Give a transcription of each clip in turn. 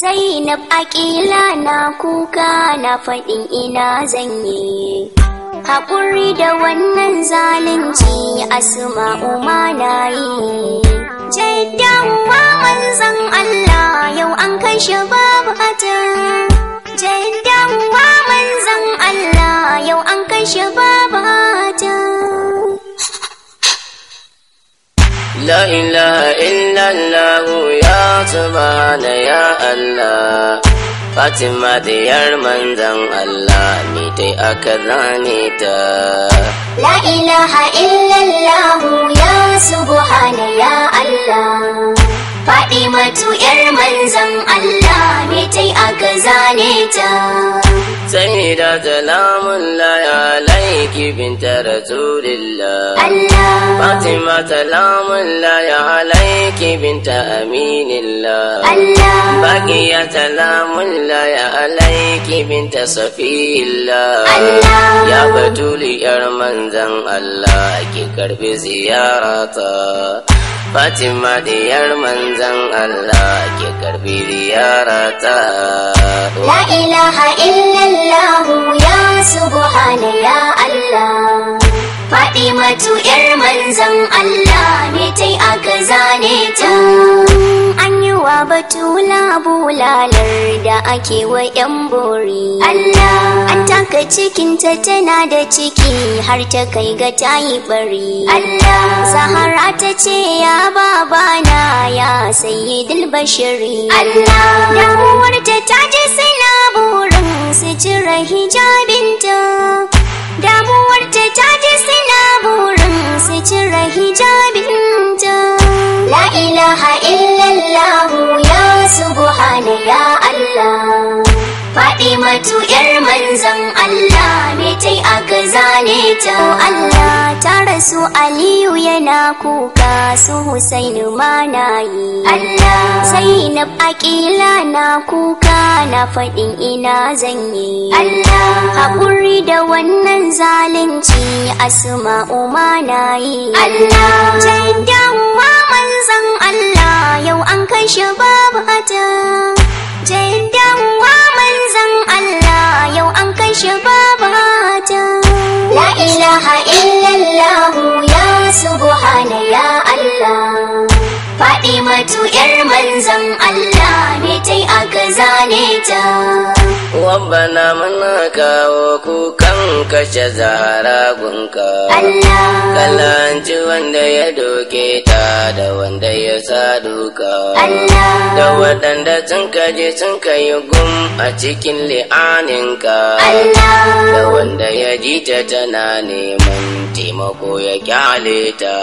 Zainab aƙila na kuka na faɗin ina zan yi. Haƙuri da wannan zalunci asuma uma na yi. Jaddawa manzan Allah yau an kashe babu atin. Jaddawa manzan Allah yau an kashe babu atin. La ilaha إلا الله يا سبحان ya Allah Fatima diyar manzan Allah ni dai aka zane ta. La ilaha illallah ya subhana ya Allah. Fatima tu yar manzan Allah ni da salamun laya alaiki bin tarasulilla. Allah. Fatima salamun laya alaiki bin ta'aminilla. Allah. Bakiya salamun laya alaiki bin tasafiyilla. Allah. Ya batuli yar manzan Allah ki karbi ziyarata. Fatima diyar manzan Allah ke karbi ziyarata. La ilaha illallah ya subhana ya Allah. faɗi matu ‘yar manzan Allah ne ta aka zane ta. An yi wa batula bulalar da ake wa ‘yan bori. Allah an taka cikinta tana da ciki har ta kai ga tayi bari. Allah Sahara ta ce ya Baba na ya sayi bashiri Allah damuwarta ta ji na burin su cire ta. damuwar ta ta ji sila burin su cire hijabinta la ilaha illallah ya subhana ya allah Faɗi ‘yar manzan Allah me ta aka zane ta Allah ta rasu Aliyu yana kuka su Husainu ma na yi Allah Zainab aƙila na kuka na faɗin ina zan yi Allah haƙuri da wannan zalunci asma'u ma na yi Allah ma manzan Allah yau an kashe babu ata jaddan ma Allah yau an kai shi babata La ilaha illallah ya subhana ya Allah Faɗi matu ‘yar manzan Allah ne tai aka zane ta rabbana muna kawo kukan kashe zahara gunka kalanci wanda ya doke ta da wanda ya sa duka da waɗanda sun kaje sun kayi gum a cikin li'aninka da wanda ya ji ta tana neman taimako ya kyale ta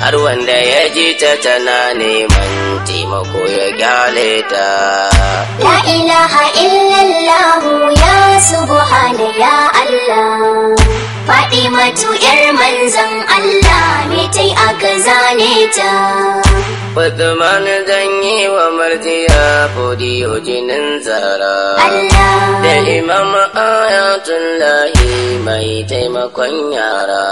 har wanda ya ji ta tana neman taimako ya gyale ta la ilaha illallahu ya subhana ya allah faɗi matu ‘yar manzan Allah me ta aka zane ta. Fatima zan yi wa martiya fodi ojinin zara. Da imam ayatun lahi mai taimakon yara.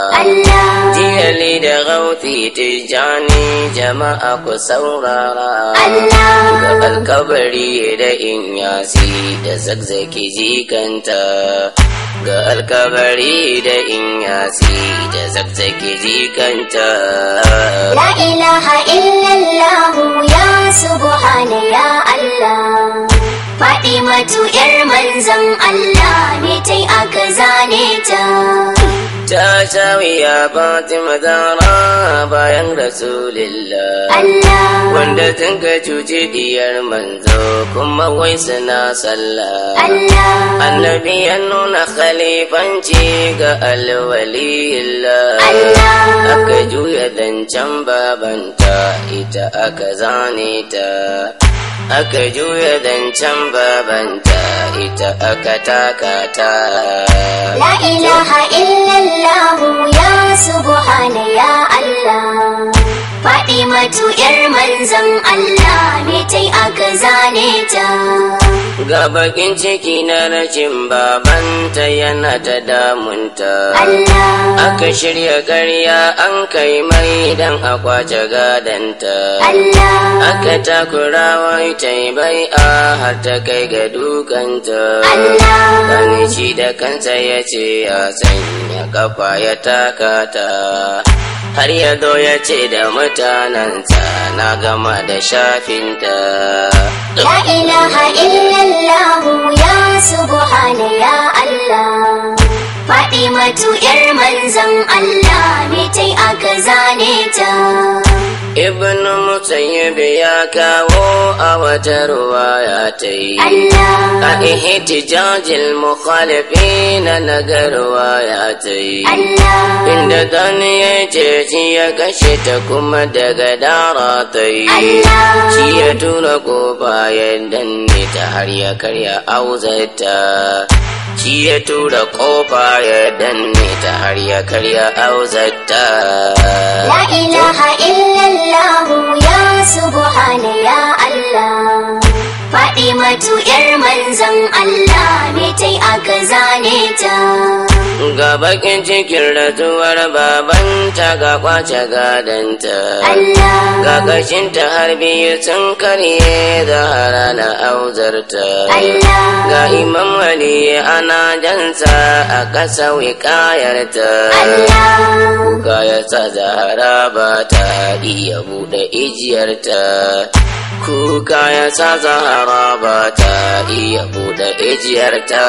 Jiyali da gauti tijjani jama'a ku saurara. Ga alkabari da inyasi da zagzaki jikanta. ga alkabari da inyasi da zabtake jikanta la ilaha illallah ya subhana ya allah faɗi matu 'yar manzan allah ne tai aka zane ta ta shawiya fatima a bayan rasulillah wanda tun ka cuci diyar manzo kuma wai suna sallah annabi ya nuna khalifanci ga Allah. aka juya can babanta ita aka zane ta aka juya can babanta ita aka takata la ilaha illa falmatu manzan Allah ne ta yi aka zane ta ga bakin ciki na rashin babanta yana ta damunta aka shirya karya an kai mai idan a kwace gadanta aka takura wai taibai a har ta kai ga dukanta gani shi da kansa ya ce ya sanya kafa ya takata har ya zo ya ce da mutanensa na gama da shafinta la ilaha illallah ya subhana ya allah faɗi matu 'yar manzan allah ne tai aka zane ta ibn mutayyib ya kawo a wata ruwaya ta yi a ihtijajil mukhalifi na naga ruwaya ta yi inda dan ya ce shi ya kashe ta kuma daga dara ta yi shi ya tura kofa ya danne ta har ya karya auzata shi ya tura kofa ya danne ta har ya karya auzatta la ilaha illallah ya subhana ya allah faɗi matu 'yar manzon allah ne tai aka zane ta ga bakin cikin ratuwar babanta ga kwace gadanta ga ta har biyu sun karye zahara na auzarta ga imam wali ana jansa a kasa wikayarta kuka ya sa zahara ba ta iya bude ijiyarta kuka ya sa zahara ba ta iya buɗe ijiyarta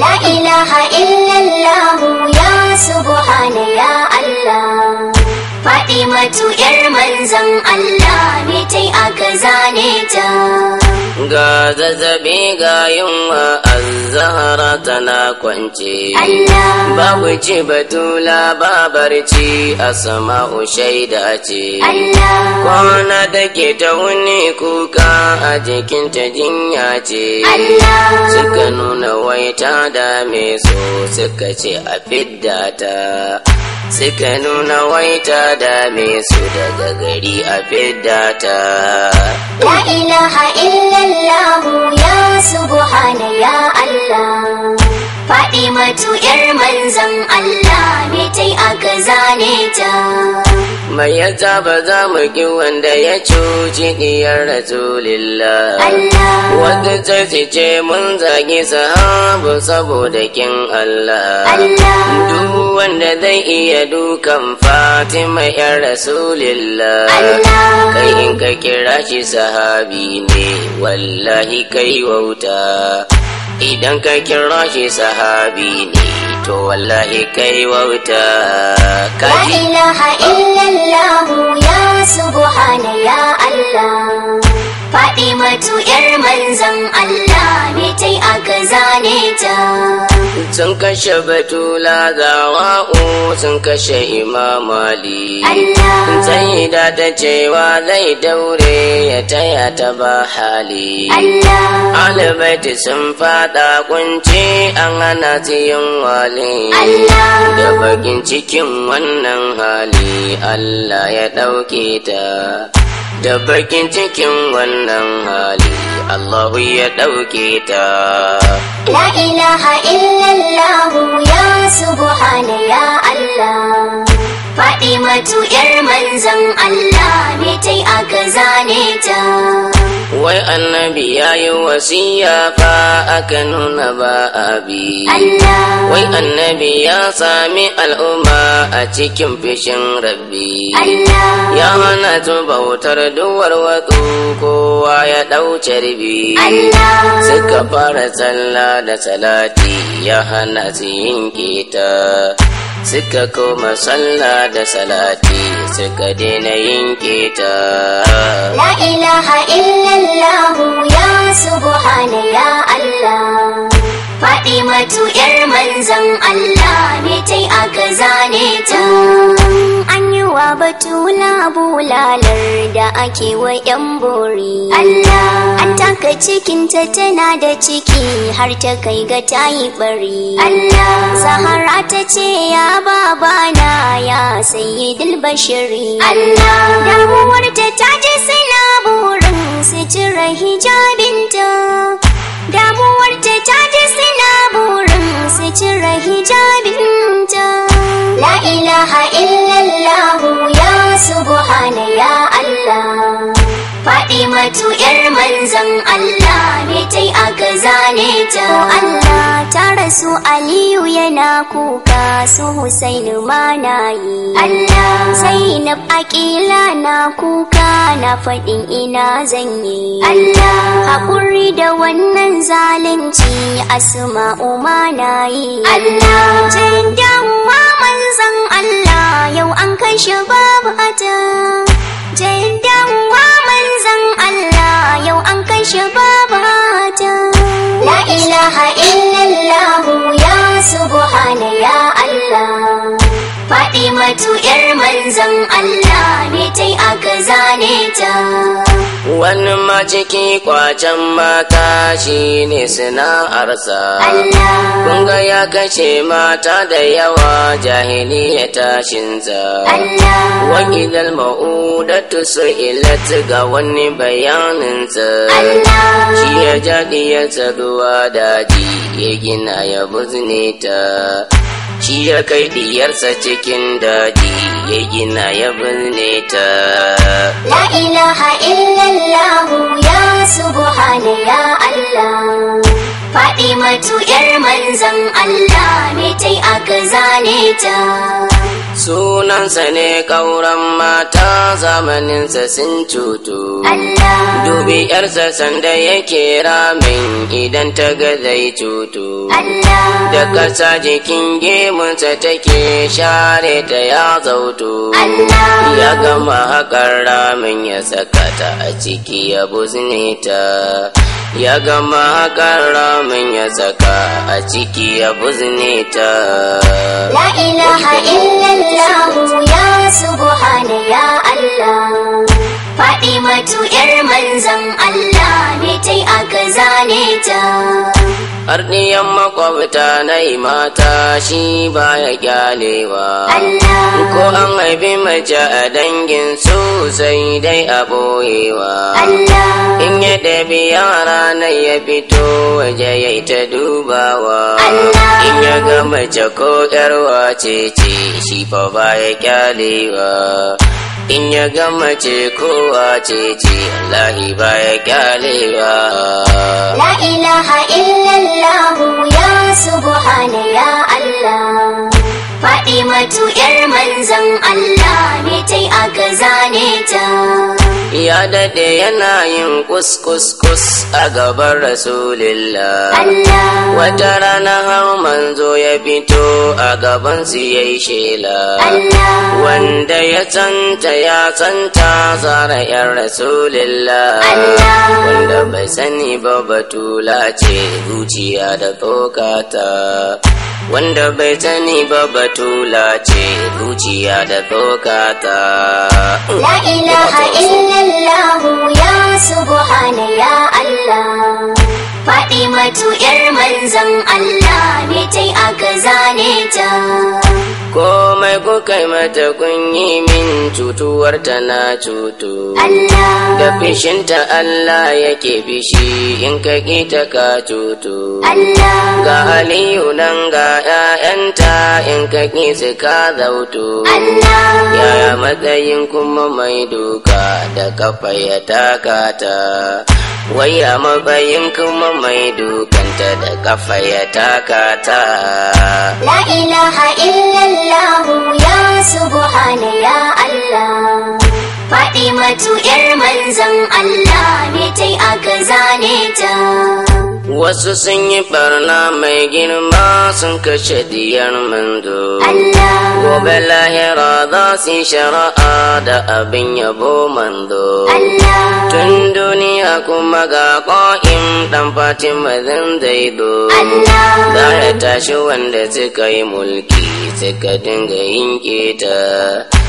la ilaha illallah ya subhana ya allah faɗi matu 'yar manzan allah mitai aka zane ta ga zazzabi ga yunwa azahara tana kwance babu ci batula ba barci a sama'u shaida ce kwana ke ta wuni kuka a jikinta jinya ce suka nuna waita da mai so suka ce a fidda ta suka nuna ta dame su daga gari a fidata. la ilaha illallahu ya subhana ya allah faɗi matu 'yar manzan allah me tai aka zane ta mai ba za mu ki wanda ya cuci diyar rasulillah wanda zarci ce mun zagi sahabu saboda kin Allah duk wanda zai iya dukan Fatima yar rasulillah kai in ka kira shi sahabi ne wallahi kai wauta idan ka kira shi sahabi ne to wallahi kai wauta ka la ilaha illallah ya subhana ya allah faɗi matu yar manzan Allah ne ta yi aka zane ta. Sun kashe batula ga wa'u sun kashe imam Ali. Allah. Sai da cewa zai daure ya taya ta ba hali. Allah. Alibaiti sun fada kunci an hana su wali. Allah. Da bakin cikin wannan hali Allah ya ɗauke ta. da bakin cikin wannan hali Allahu ya ɗauke ta La ilaha illallah ya subhana ya Allah Faɗi matu ‘yar manzan Allah mitai tai aka zane ta wai annabi yayi yi wasiya fa aka nuna ba abi wai annabi ya sami al'umma a cikin fishin rabbi ya hana tu bautar duwar watsu kowa ya ɗauce ribi suka fara tsalla da salati ya hana su yin kita suka koma sallah da salati suka daina yin keta la ilaha illallah ya subhana ya allah matu yar manzon allah ne yi aka zane ta ruwa batula bulalar da ake wa yan bori Allah an taka cikinta tana da ciki har ta kai ga tayi bari Allah Zahara ta ce ya babana ya sayyidul bashiri Allah damuwarta ta ji suna burin su jira hijabinta damuwarta ta ji suna burin su jira hijabinta la ilaha illallah ya subhana ya Allah Fadimatu yar manzan Allah ne tai aka zane ta Allah ta rasu Aliyu yana kuka su Husainu ma na yi Allah Zainab aƙila na kuka na faɗin ina zan yi Allah hakuri da wannan zalunci Asma'u ma na yi Allah jin damuwa san Allah yau an kai shi babu ata man manzan Allah yau an kai Shababu babu ata la ilaha illallah ya subhana ya Allah Fatimatu ‘yar manzan Allah ne tai aka zane wani maciki kwacen mata shi ne sana'arsa kunga ya kashe mata da yawa jahiliya tashinsa wakilal ma'udatu su'ilat ga wani bayaninsa shi ya jaɗi ya ruwa daji ya gina ya buzne ta shi ya kai diyarsa cikin daji ya gina ya birne ta la ilaha illallahu ya subhana ya allah faɗi matu manzan Allah me ta yi aka zane ta. Sunansa ne ƙauran mata zamaninsa sun cutu. Dubi ‘yarsa sanda yake ramin idan ta ga zai cutu. Da ƙasa jikin gemunsa take share ta ya zautu. Ya gama haƙar ramin ya saka ta a ciki ya buzne ta. Ya gama haƙar ramin mun ya saka a ciki ya buzne ta la ilaha illallah ya subhana ya allah ‘yar manzan Allah ne tai aka zane ta. Arniyan makwabta na mata shi baya gyalewa. Ko an haifi mace a dangin su sai dai a boyewa. Allah. da ɗabi na ya fito waje ya yi ta dubawa in ya ga mace ko ƴarwa ce ce shi fa ba ya kyalewa in ya ga mace kowa ce ce lahi ba ya kyalewa la ilaha illallah ya subhana ya Allah Faɗi matu ‘yar manzan Allah ne ta yi aka zane ta. ya dade yana yin kus a gaban rasulillah wata rana har manzo ya fito a gaban su ya yi shela wanda ya canta ya canta zara yan rasulillah wanda bai sani ba batula ce zuciya da tsokata wanda bai sani ba batula ce zuciya da tsokata la ilaha illallah ya subhana ya allah faɗi matu 'yar manzan allah ne tai aka zane ta komai kuka mata kunyi min cutuwar ta na cutu da fishinta Allah yake bishi in ka ta ka cutu ga aliyu nan ga 'ya'yanta in ka su ka zautu yaya matsayin kuma mai duka da kafa ya taka ta wai a kuma mai dukanta da kafa ya taka ta la ilaha illallah ya subhana ya allah faɗi matu 'yar manzan allah ne tai aka zane ta wasu sun yi barna mai girma sun kashe diyar mando gobe lahira za su yi shari'a da abin yabo mando tun duniya kuma ga ƙo'in ɗan fatima zan daido za a tashi wanda suka yi mulki suka dinga yin keta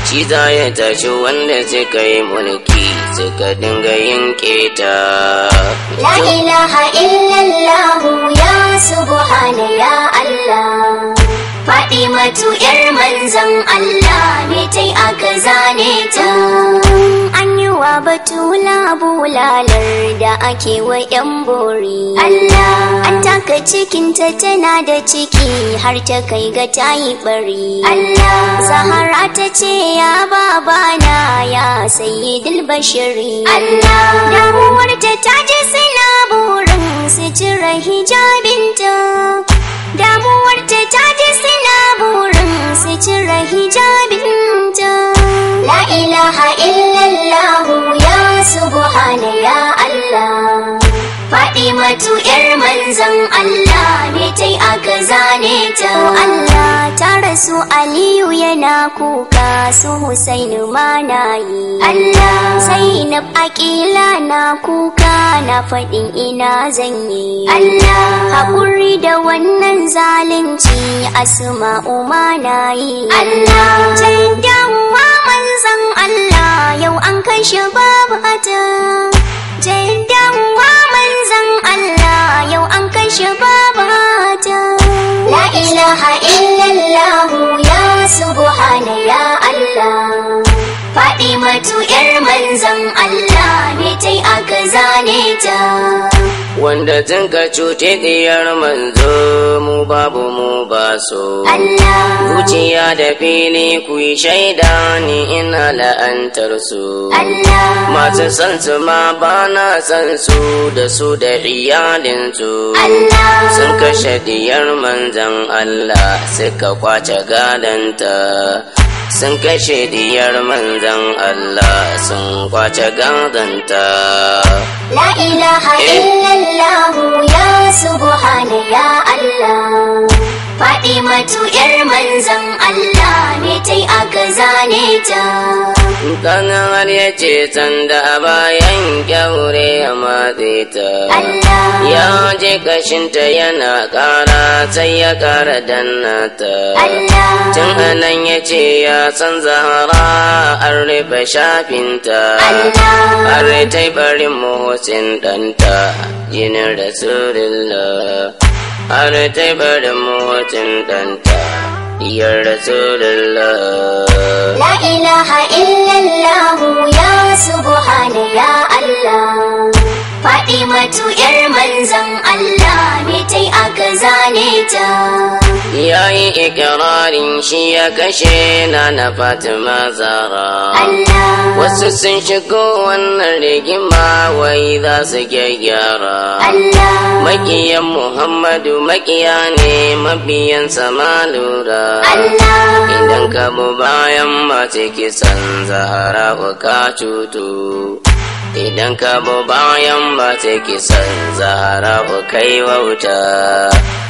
shi za ya tashi wanda suka yi mulki suka dinga yin keta la ilaha illallah yar manzan Allah ne ta yi aka zane ta an yi wa batula bulalar da ake wa yan bori Allah an taka cikinta tana da ciki har ta kai ga tayi bari Allah Zahara ta ce ya babana ya sayi bashiri Allah damuwarta ta ji suna su cire hijabinta Damuwar ta ji suna cire hijabinta la ilaha illallahu ya subhana ya Allah Faɗi matu 'yar manzon Allah ne tai aka zane ta Allah su aliyu yana kuka su husainu ma na yi allah zainab akila na kuka na faɗin ina zan yi allah haƙuri da wannan zalunci asma'u ma na yi allah man manzan allah yau an kashe babu ata man manzan allah yau an kashe babu ata la ilaha allahu ya subhana ya Allah Faɗi matu ‘yar manzan Allah, me tai aka zane ta. wanda tun ka cuci diyar manzo mu babu mu ba so zuciya da fili ku yi shaida ni ina la'antar su masu san su ma ba na san su da su da iyalinsu. sun kashe diyar manzan Allah suka kwace gadanta sun kashe diyar manzan Allah sun kwace gandanta. La ilaha eh. illallah ya subhana ya Allah. faɗi matu ‘yar manzan Allah me ta yi aka zane ta. Kanan har ya ce sanda a bayan kyaure ya matse ta. Ya je kashinta yana ƙara sai ya ƙara danna ta. Tun anan ya ce ya san zahara an rufe shafinta. Har ta yi barin muhusin ɗanta jinin Rasulullah. har ta bari mawacin ɗanta ya rasulullah la ilaha illallah ya subhana ya allah faɗi matu yar manzan allah me tai aka zane ta yayi yi ikirarin shi ya kashe na na fatima zara wasu sun shigo wannan rigima wai za su gyaggyara makiyan muhammadu makiya ne mabiyan sama lura idan ka bu bayan mace kisan zahara ka cutu idan ka bu bayan mace kisan zahara kai wauta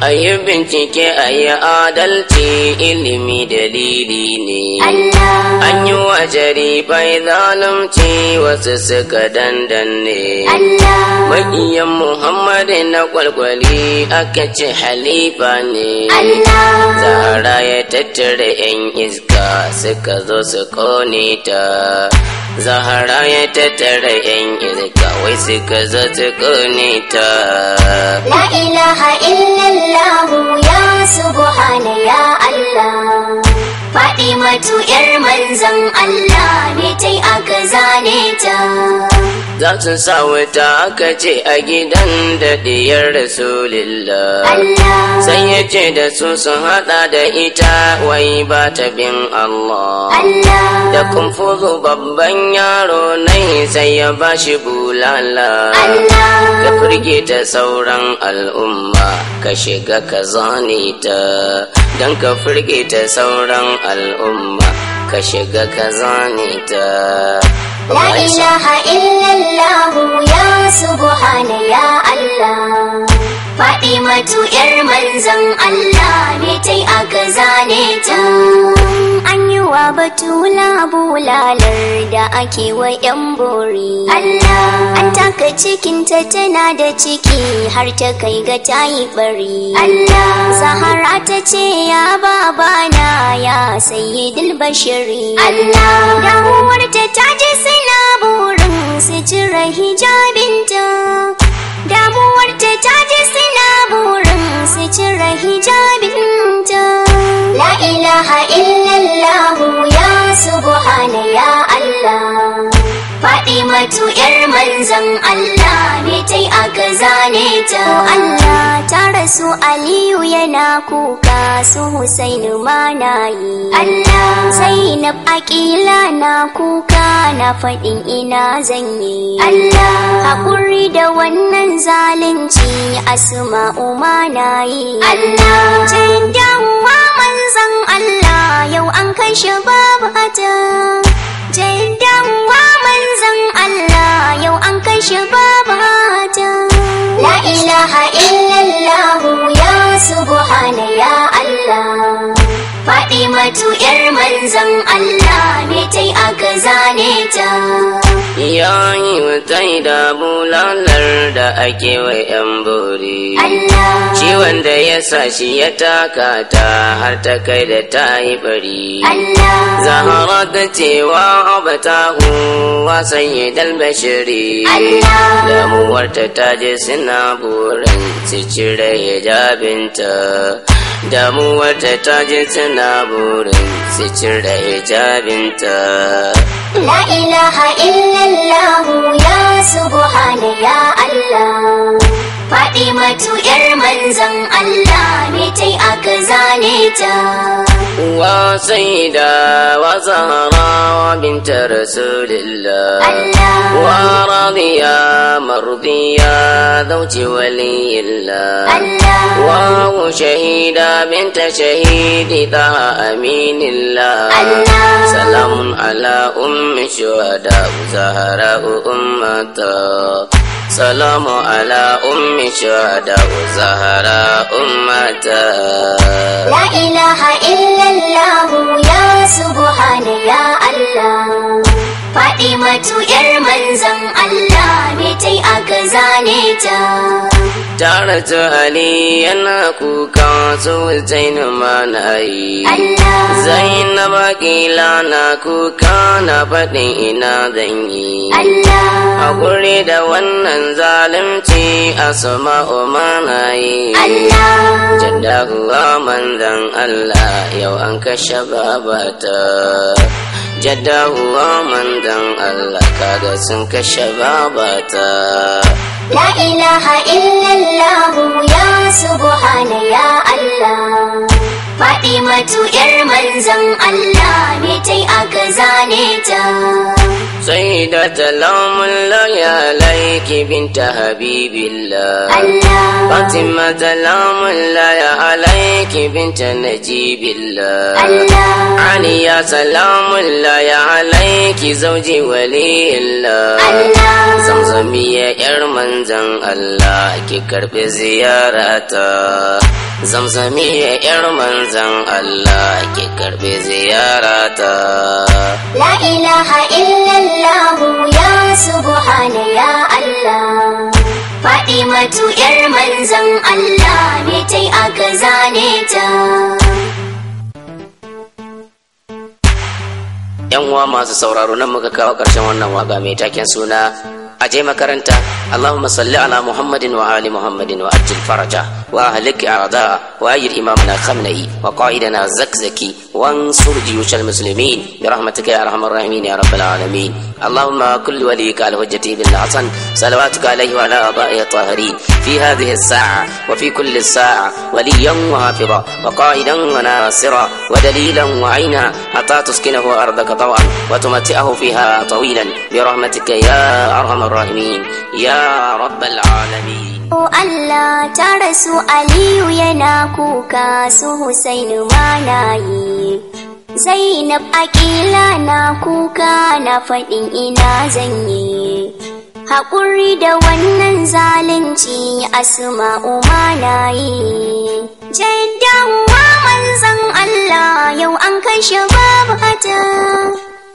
ayi bincike ayi adalci ilimi dalili ne an yi wa jarifai zalunci wasu suka dandanne magiyan muhammadu na kwalkwali aka ce halifa ne zahara ya tattara 'yan iska suka zo su kone ta zahara ya tattara yan irka wai suka zata ta. la ilaha illallahu ya subhana ya allah faɗi matu yar manzan allah ne tai aka zane ta za su sa wuta aka ce a gidan da diyar rasulillah sai ya ce da su sun hada da ita wai ba ta bin Allah da kumfuzu babban yaro nai sai ya ba shi bulala ka firgita sauran al'umma ka shiga ka zane ta don ka firgita sauran al'umma ka shiga ka zane ta La ilaha illallah subhana ya Allah Fatima matu ‘yar manzan Allah me tai aka zane ta. wa batula bulalar da ake wa yan bori Allah an taka cikinta tana da ciki har ta kai ga tayi bari Allah Zahara ta ce ya babana ya sayyidul bashiri Allah da uwarta ta ji suna burin su cire hijabinta damuwarta ta ji suna burin su cire hijabinta la ilaha illallah ya subhana ya Allah Fadimatu yar manzan Allah ne tai aka zane ta Allah ta rasu Aliyu yana kuka su Husain ma nayi Allah Zainab Aqila na kuka na fadin ina yi. Allah hakuri da wannan zalunci Asma'u ma nayi Allah jin damuwa zan Allah yau an shi babu wa man manzan Allah yau an shi babu aja la ilaha illallah ya subhana ya Allah Faɗi matu ‘yar manzan Allah ne ta aka zane ta. Iyayi mutai da bulalar da ake wa ‘yan bori. Ciwon da ya sa shi ya taka ta har ta kai da ta yi bari. Zahara da cewa ta huwa sanye dalbashiri. Damuwarta ta je suna burin su cire hijabinta. Damuwarta ta je suna burin su cire hijabinta. La ilaha illallah ya subhana ya Allah Fadimatu yar manzan Allah me tai aka zane ta Wa sayyida wa zahra wa bint rasulillah Wa radiya يا زوج ولي الله واو شهيدا بنت شهيد ذا أمين الله سلام على أم الشهداء زهراء أمتا سلام على أم الشهداء زهراء أمتا لا إله إلا الله يا سبحان يا Allah Faɗi matu ‘yar manzan Allah me tai aka zane ta. Taratu Ali yana kuka su zainu mana yi. Zainab kila na kuka na faɗin ina zan yi. Allah. Hakuri da wannan zalunci a mana yi. Allah. Jaddawa manzan Allah yau an kashe babata. jadawa mandan Allah kaga sun kashe babata La ilaha illallah ya subhana ya Allah Fatimatu ‘yar manzan Allah me ta aka zane ta. Sai da talamun laya laiki binta habibillah. Allah. Fatima talamun laya alaiki binta najibillah. Allah. Aliya salamun laya alaiki zauji waliyillah. Allah. Zamzamiya ‘yar manzan Allah ki karɓi ziyarata. zamzami yar manzan Allah ke karbe ziyarata la ilaha illallah ya subhana ya Allah matu yar manzan Allah me tai aka zane ta yan uwa masu sauraro nan muka kawo ƙarshen wannan waka mai taken suna a je makaranta Allahumma salli ala Muhammadin wa ali Muhammadin wa ajil faraja wa ahlik a'da wa ajir imamana khamnai wa qa'idana zakzaki wa ansur jiyush al-muslimin bi rahmatika ya arhamar rahimin ya rabbal alamin Allahumma kulli waliyika al-hujjati bin Hasan salawatuka alayhi wa ala aba'i tahirin fi hadhihi as-sa'a wa fi kulli as-sa'a waliyan wa hafiza wa qa'idan wa nasira wa dalilan wa aina حتى تسكنه أرضك طوعا وتمتعه فيها طويلا برحمتك يا أرحم الراحمين يا رب العالمين O Allah ta rasu Aliyu yana kuka su Husainu ma na yi. Zainab aƙila na kuka na faɗin ina zan yi. Haƙuri da wannan zalunci asma'u ma na yi. Jaddawu san Allah yau an kai shi babu hata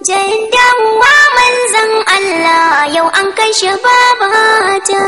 jaddawa manzan Allah yau an kashe shi babu hata